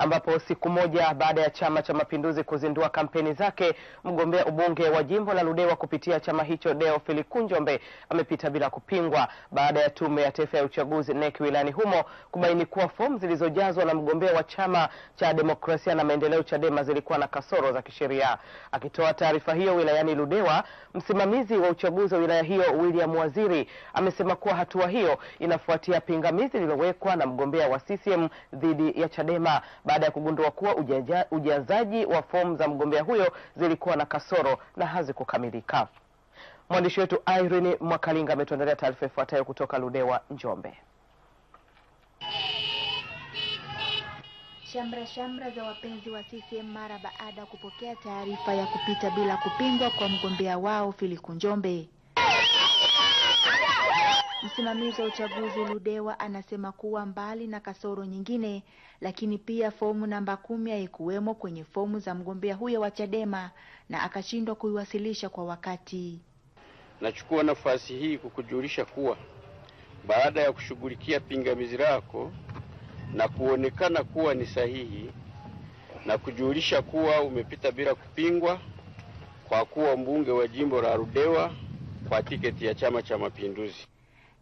ambapo siku moja baada ya Chama cha Mapinduzi kuzindua kampeni zake, mgombea ubunge wa jimbo la Ludewa kupitia chama hicho Deo Filikunjombe amepita bila kupingwa baada ya Tume ya Taifa ya Uchaguzi NEC wilayani humo kubaini kuwa fomu zilizojazwa na mgombea wa Chama cha Demokrasia na Maendeleo Chadema zilikuwa na kasoro za kisheria. Akitoa taarifa hiyo wilayani Ludewa, msimamizi wa uchaguzi wa wilaya hiyo William Waziri amesema kuwa hatua hiyo inafuatia pingamizi lililowekwa na mgombea wa CCM dhidi ya Chadema baada ya kugundua kuwa ujaja, ujazaji wa fomu za mgombea huyo zilikuwa na kasoro na hazikukamilika. Mwandishi wetu Irene Mwakalinga ametuandalia taarifa ifuatayo kutoka Ludewa, Njombe. Shamra shamra za wapenzi wa CCM mara baada ya kupokea taarifa ya kupita bila kupingwa kwa mgombea wao filiku Njombe. Msimamizi wa uchaguzi Ludewa anasema kuwa mbali na kasoro nyingine, lakini pia fomu namba kumi haikuwemo kwenye fomu za mgombea huyo wa Chadema na akashindwa kuiwasilisha kwa wakati. Nachukua nafasi hii kukujulisha kuwa baada ya kushughulikia pingamizi lako na kuonekana kuwa ni sahihi na kujulisha kuwa umepita bila kupingwa kwa kuwa mbunge wa jimbo la Ludewa kwa tiketi ya Chama cha Mapinduzi.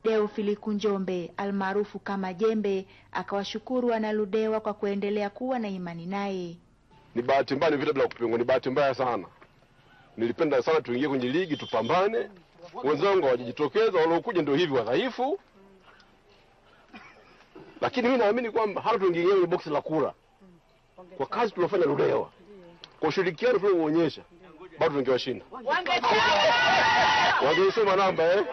Theophili Kunjombe almaarufu kama Jembe akawashukuru wanaludewa kwa kuendelea kuwa na imani naye. Ni bahati mbaya, ni vita bila kupingwa, ni bahati mbaya sana. Nilipenda sana tuingie kwenye ligi tupambane, wenzangu hawajajitokeza, waliokuja ndio hivi wadhaifu, lakini mimi naamini kwamba hata tuingie kwenye boksi la kura, kwa kazi tunafanya Ludewa, kwa ushirikiano tulioonyesha, bado tungewashinda. Wangesema namba eh?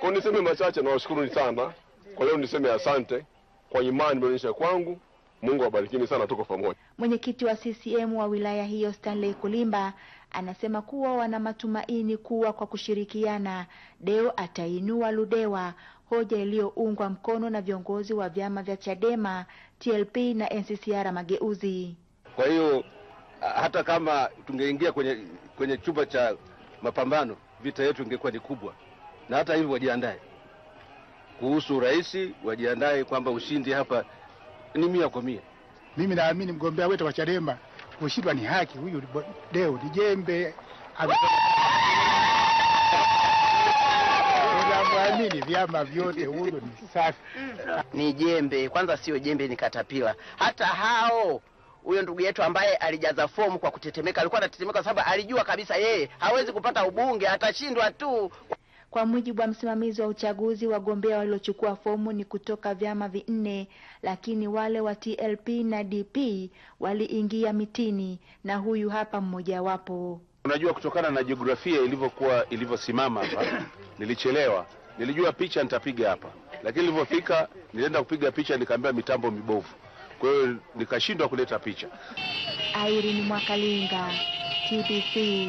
Kwa niseme machache, nawashukuruni sana kwa leo, niseme asante kwa imani mlionyesha kwangu. Mungu abarikini sana, tuko pamoja. Mwenyekiti wa CCM wa wilaya hiyo Stanley Kulimba anasema kuwa wana matumaini kuwa kwa kushirikiana Deo atainua Ludewa, hoja iliyoungwa mkono na viongozi wa vyama vya Chadema, TLP na NCCR Mageuzi. Kwa hiyo hata kama tungeingia kwenye, kwenye chumba cha mapambano, vita yetu ingekuwa ni kubwa na hata hivyo wajiandae kuhusu rahisi wajiandae kwamba ushindi hapa ni mia kwa mia. Mimi naamini mgombea wetu wa Chadema kushindwa ni haki. Huyu Deo ni jembe Amini vyama vyote, huyo ni safi, ni jembe kwanza, sio jembe, ni katapila. Hata hao huyo ndugu yetu ambaye alijaza fomu kwa kutetemeka, alikuwa anatetemeka kwa sababu alijua kabisa yeye hawezi kupata ubunge, atashindwa tu. Kwa mujibu wa msimamizi wa uchaguzi, wagombea waliochukua fomu ni kutoka vyama vinne, lakini wale wa TLP na DP waliingia mitini, na huyu hapa mmojawapo. Unajua, kutokana na jiografia ilivyokuwa ilivyosimama hapa, nilichelewa. Nilijua picha nitapiga hapa, lakini nilivyofika nilienda kupiga picha nikaambiwa mitambo mibovu, kwa hiyo nikashindwa kuleta picha. Irene Mwakalinga, TBC.